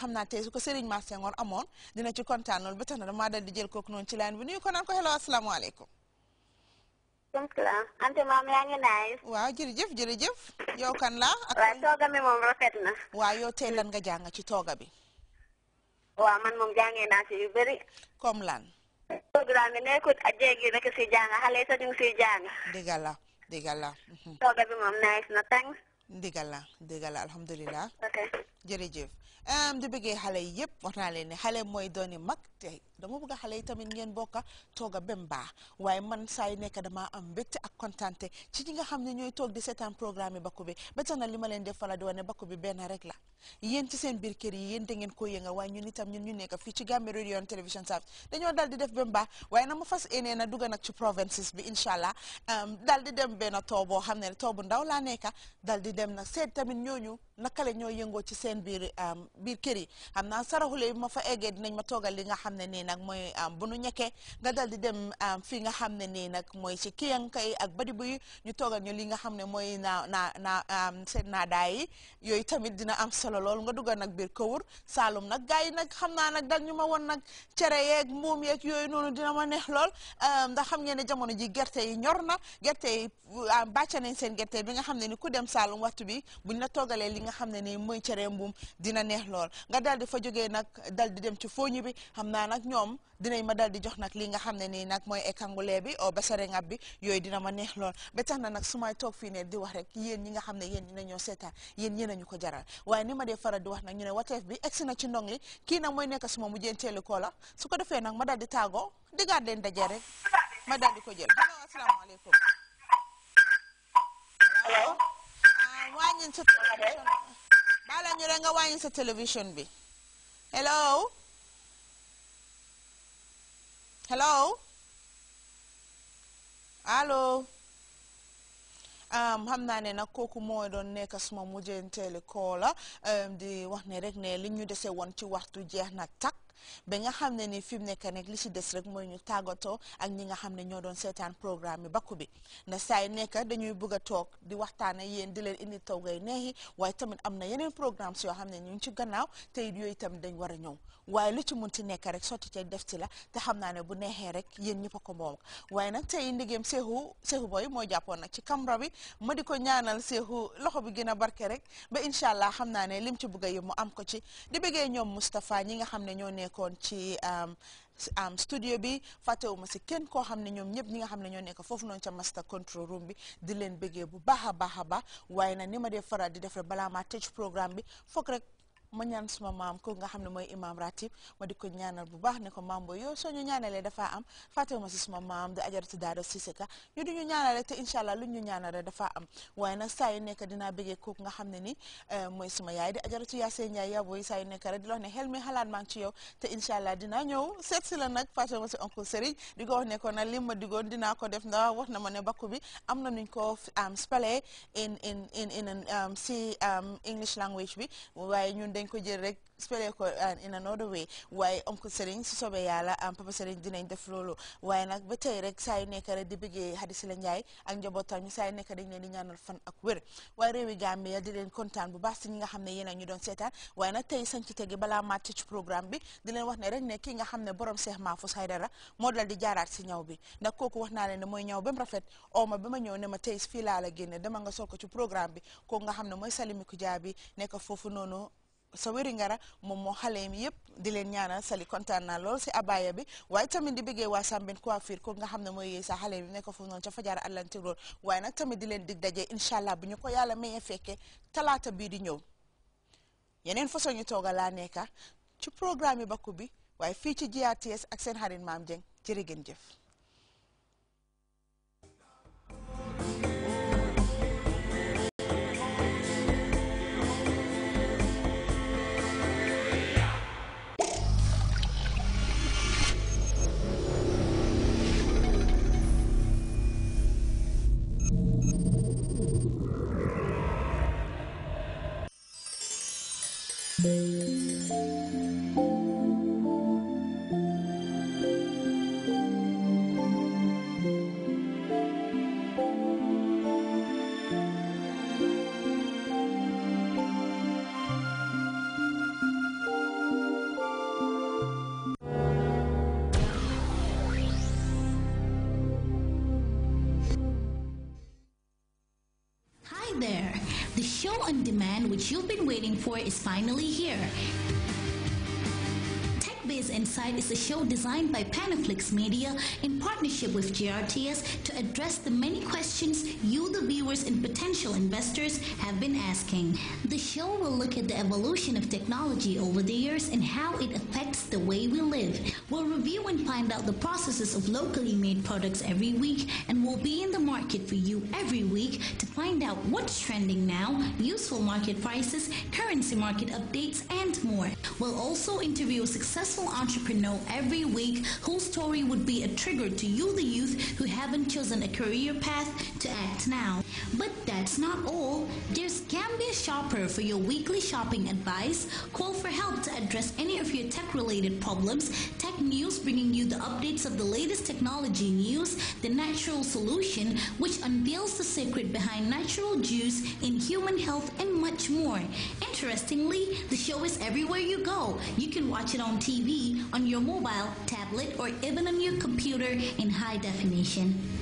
xam naa tey su ko Serigne Mar Senghor amoon dina ci kontaan loolu ba tax na damaa dal di jël kooku noonu ci line bi nuyu ko naan ko hello asalaamaaleykum. ante maam yaa ngi nice. waaw jërëjëf jërëjëf yow kan la. waaw tooga mi moom nga jàng ci tooga bi. waaw man moom jàngee naa si yu bëri. comme lan. nekkut a jéegi rek si jàng xale yi sax ñu ngi siy jàng. la dëgg la. tooga bi moom nice na tàng. ndigal la ndigal la alhamdulilah. ok jërëjëf di bëggee xale yëpp wax naa leen ne xale mooy dooni mag tey. dama bëgg a xale yi tamit ngeen bokka toog a bem baax waaye man saa yu dama am ak kontaante ci ñi nga xam ne ñooy toog di seetaan programme yi bakku bi ba na li ma leen def fala di wane bakku bi benn rek la yéen ci seen biir kër yi yéen da ngeen koo yëngal waaye ñun itam ñun ñu nekk fii ci Gambia Radio and Television dem benn too boo xam ne too bu ndaw laa nekka daal di dem nag seet tamit ñooñu naka la ñoo yëngoo ci seen biir biir kër yi xam naa ma fa eggee dinañ ma toogal li nga xam ne nii nag mooy bu nu ñekkee nga dal di dem fi nga xam ne nii nag mooy ci kiyanka yi ak badi bu yi ñu toogal ñu li nga xam ne mooy naa naa naa seen yi yooyu tamit dina am solo lool nga duggal nag biir kawur Saalum nag gars yi nag xam naa nag dal ñu ma nag cere yeeg mbuum yeeg yooyu noonu dina ma neex lool ndax xam ngeen ne jamono ji gerte yi ñor na gerte yi bàcca nañ seen gerte bi nga xam ne ni ku dem Saalum waxtu bi buñ la toogalee li nga xam ne nii mooy cere mbuum dina neex lool dal di fa jógee nag dal di dem ci fooñi bi xam naa nag ñoom dinañ ma dal di jox nag li nga xam ne nii nag mooy ekangule bi o oh, basare ngab bi yooyu dina ma neex lool ba tax na nag su may toog fii ne di wax rek yéen ñi nga xam ne yéen dinañoo seetaan yéen yéen añu ko jaral waaye ni ma dee faral di wax nag ñu ne wateef bi egsi na ci ndong li kii nag mooy nekk suma mujjeenteelu koo koola su ko defee nag ma dal di tàggoo diggaat leen daje rek ma dal di ko jël allo asalaamaaleykum allo ah, wàññin sa nga wàññin sa télévision bi hello allo xam naa ne nag kooku mooy doon nekka suma mujjanteeli koola di wax ne rek ne li ñu dese woon ci waxtu jeex na takk ba nga xam ne ni fi mu nekk nag li ci des rek mooy ñu tàggatoo ak ñi nga xam ne ñoo doon seetaan programme bi bakku bi na saay nekk dañuy bëgg a toog di waxtaan ak yéen di leen indi taw ngay neexi waaye tamit am na yeneen programmes yoo xam ne ñu ngi ci gannaaw te yooyu tamit dañ war a ñëw waaye lu ci mun ti nekk rek sotti ceeg def ci la te xam naa ne bu neexee rek yéen ñëpp a ko moom waaye nag tey ndigéem Seeku Seeku Boy mooy jàppoon nag ci camera bi ma di ko ñaanal Seeku loxo bi gën a barke rek ba incha allah xam naa ne lim ci bëgg a mu am ko nekkoon ci am um, um, studio bi fàttewuma si kenn koo xam ne ñoom ñëpp ñi nga xam ne ñoo nekk foofu noonu ca master control room bi di leen bëggee bu baax a baax a baax waaye nag ni ma dee faral di def rek balaa maa tëj programme bi foog rek ma ñaan suma maam ko nga xam ne mooy imaam ratib ma di ko ñaanal bu baax ne ko maam booy yow soo ñu ñaanalee dafa am fàttewuma si suma maam di ajaratu daado siseka ñu di ñu ñaanale te incha lu ñu ñaanale dafa am waaye nag saa yu nekk dinaa bëggee nga xam ne ni eh, mooy suma yaay di ajaratu yaasee njaay yaa booy saa yu nekk rek di la wax ne xel mi xalaat maa ngi ci yow te incha allah dinaa ñëw seet si la nag fàttewuma si oncle Serigne di ko wax ne ko nag li ma digoon dinaa ko na ma ne bakku bi na nuñ ko um, spale in in in in um, si um, dañ ko jël rek spelé a euh, in another way waaye oncle Serigne su soobee yàlla am euh, papa Serigne dinañ def loolu waaye nag ba tey rek saa yu nekk rek di bëggee Hadi Sila Ndiaye ak njabootam saa yu nekk dañ leen di ñaanal a bi di leen wax ne rek di jaaraat si ñaw bi ndax kooku wax naa leen ne mooy ñaw ba rafet oo ma ba ñëw ne ma tey fii laa la génne dama nga sol ko ci programme bi kooku nga xam ne mooy Salimi Kujaa bi foofu noonu sa Sawiri Ngara moom moo xale mi yëpp di leen ñaanal sali kontaan naa lool si abaya bi waaye tamit di bëggee waa Sambène Coiffure ko nga xam ne mooy sa xale bi nekk foofu noonu ca Fajara Atlantic Road waaye nag tamit di leen dig daje incha allah bu ñu ko yàlla mayee fekkee talaata bii di ñëw yeneen façon ñu tooga laa nekka ci programme yi bakku bi waaye fii ci GRTS ak seen xarit Maam Jeng ci ngeen jëf Música The show on demand which you've been waiting for is finally here. Inside is a show designed by Panaflix Media in partnership with GRTS to address the many questions you, the viewers and potential investors, have been asking. The show will look at the evolution of technology over the years and how it affects the way we live. We'll review and find out the processes of locally made products every week and we'll be in the market for you every week to find out what's trending now, useful market prices, currency market updates, and more. We'll also interview successful entrepreneurs entrepreneur every week whose story would be a trigger to you, the youth who haven't chosen a career path to act now. But that's not all. There's Cambia Shopper for your weekly shopping advice. Call for help to address any of your tech-related problems. Tech News bringing you the updates of the latest technology news. The Natural Solution, which unveils the secret behind natural juice in human health and much more. Interestingly, the show is everywhere you go. You can watch it on TV, on your mobile, tablet, or even on your computer in high definition.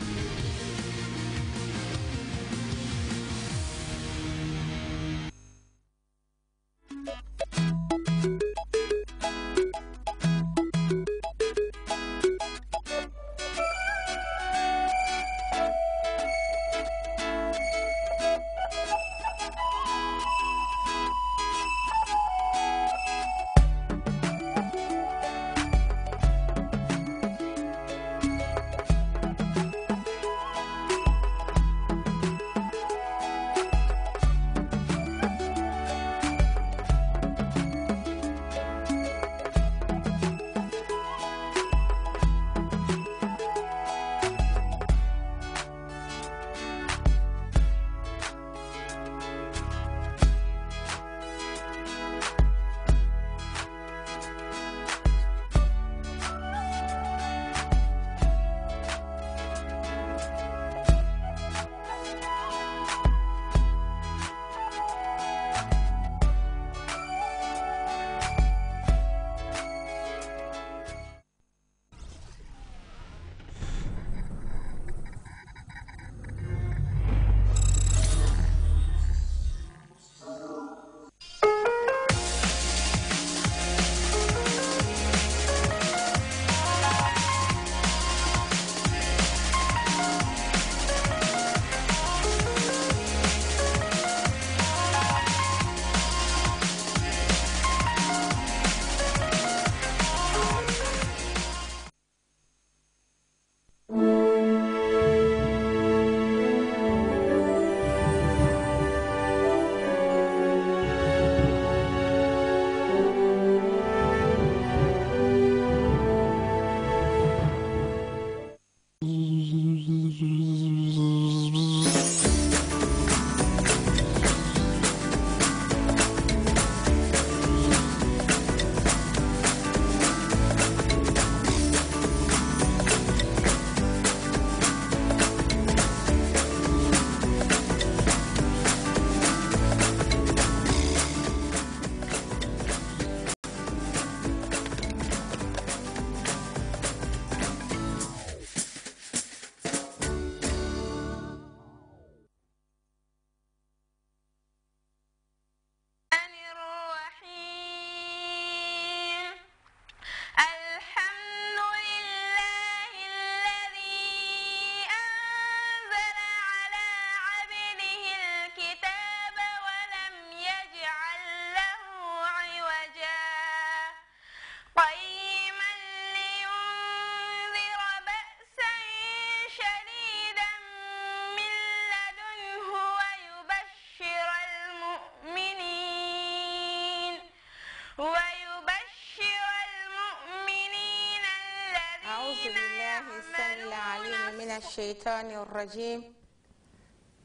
الشيطان الرجيم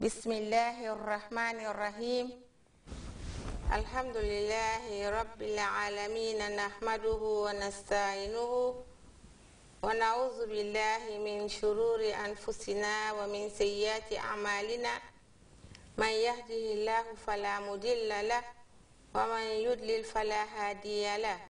بسم الله الرحمن الرحيم الحمد لله رب العالمين نحمده ونستعينه ونعوذ بالله من شرور أنفسنا ومن سيئات أعمالنا من يهده الله فلا مضل له ومن يضلل فلا هادي له